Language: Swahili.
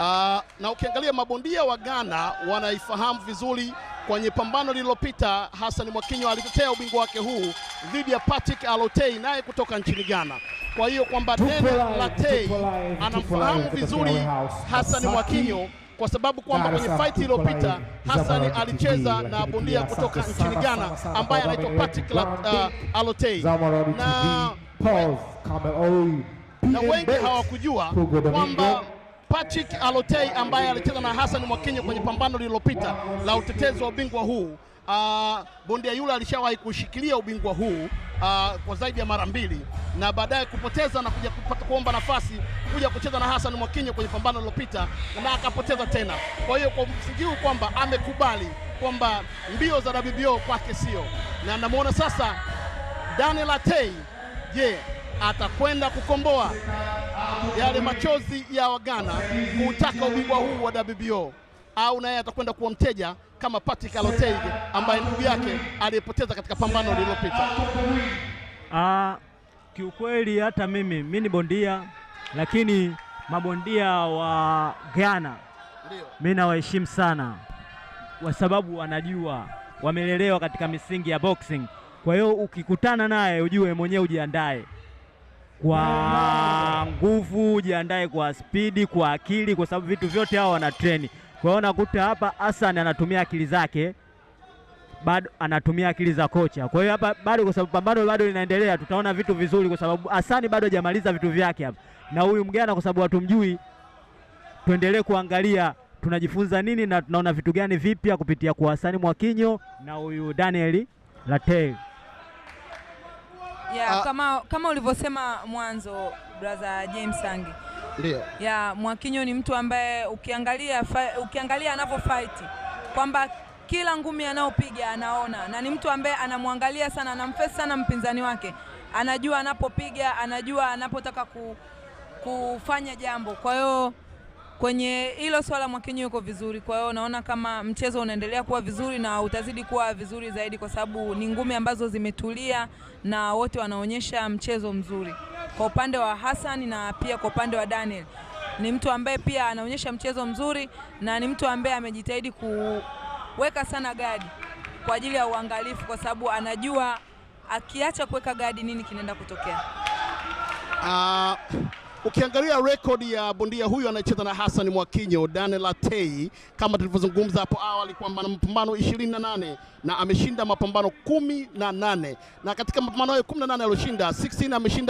Uh, na ukiangalia mabondia wa Ghana wanaifahamu vizuri. Kwenye pambano lililopita, Hassan Mwakinyo alitetea ubingwa wake huu dhidi ya Patrick Alotei naye kutoka nchini Ghana. Kwa hiyo kwamba Dena Latei anamfahamu vizuri Hassan Mwakinyo kwa sababu kwamba kwenye fight iliyopita Hassan alicheza na bondia kutoka nchini Ghana ambaye anaitwa Patrick uh, Alotei na, na wengi hawakujua kwamba Patrick Alotei ambaye alicheza na Hassan Mwakinyo kwenye pambano lililopita la utetezi wa ubingwa huu. Uh, bondia yule alishawahi kushikilia ubingwa huu uh, kwa zaidi ya mara mbili na baadaye kupoteza na kuja kupata kuomba nafasi kuja kucheza na Hassan Mwakinyo kwenye pambano lililopita na akapoteza tena. Kwa hiyo kwa msingi huu kwamba amekubali kwamba mbio za WBO kwake sio, na namuona sasa Daniel Atei, je, yeah, atakwenda kukomboa yale machozi ya Wagana kuutaka ubingwa huu wa WBO au naye atakwenda kuwa mteja kama Patrick Aloteig ambaye ndugu yake aliyepoteza katika pambano lililopita. Ah, kiukweli hata mimi mimi ni bondia, lakini mabondia wa Ghana mimi nawaheshimu sana, kwa sababu wanajua, wamelelewa katika misingi ya boxing. Kwa hiyo ukikutana naye ujue mwenyewe ujiandae kwa nguvu, jiandae kwa spidi, kwa akili, kwa sababu vitu vyote hao wana treni. Kwa hiyo nakuta hapa Hassan anatumia akili zake bado anatumia akili za kocha. Kwa hiyo hapa bado, kwa sababu pambano bado linaendelea, tutaona vitu vizuri, kwa sababu Hassan bado hajamaliza vitu vyake hapa na huyu mgana, kwa sababu hatumjui. Tuendelee kuangalia tunajifunza nini na tunaona vitu gani vipya kupitia kwa Hassan Mwakinyo na huyu Daniel Latel yeah, uh, kama, kama ulivyosema mwanzo brother James Sangi ndio yeah, Mwakinyo ni mtu ambaye ukiangalia, ukiangalia anavyofight kwamba kila ngumi anayopiga anaona, na ni mtu ambaye anamwangalia sana, anamfesi sana mpinzani wake, anajua anapopiga, anajua anapotaka ku, kufanya jambo, kwa hiyo kwenye hilo swala Mwakinyo yuko vizuri, kwa hiyo naona kama mchezo unaendelea kuwa vizuri na utazidi kuwa vizuri zaidi, kwa sababu ni ngumi ambazo zimetulia na wote wanaonyesha mchezo mzuri kwa upande wa Hassan na pia kwa upande wa Daniel. Ni mtu ambaye pia anaonyesha mchezo mzuri na ni mtu ambaye amejitahidi kuweka sana gadi kwa ajili ya uangalifu, kwa sababu anajua akiacha kuweka gadi nini kinaenda kutokea. Uh... Ukiangalia rekodi ya bondia huyu anayecheza na Hassan Mwakinyo, Daniel Atei, kama tulivyozungumza hapo awali kwamba na mapambano 28 na ameshinda mapambano kumi na nane na katika mapambano hayo 18 aliyoshinda 16 ameshinda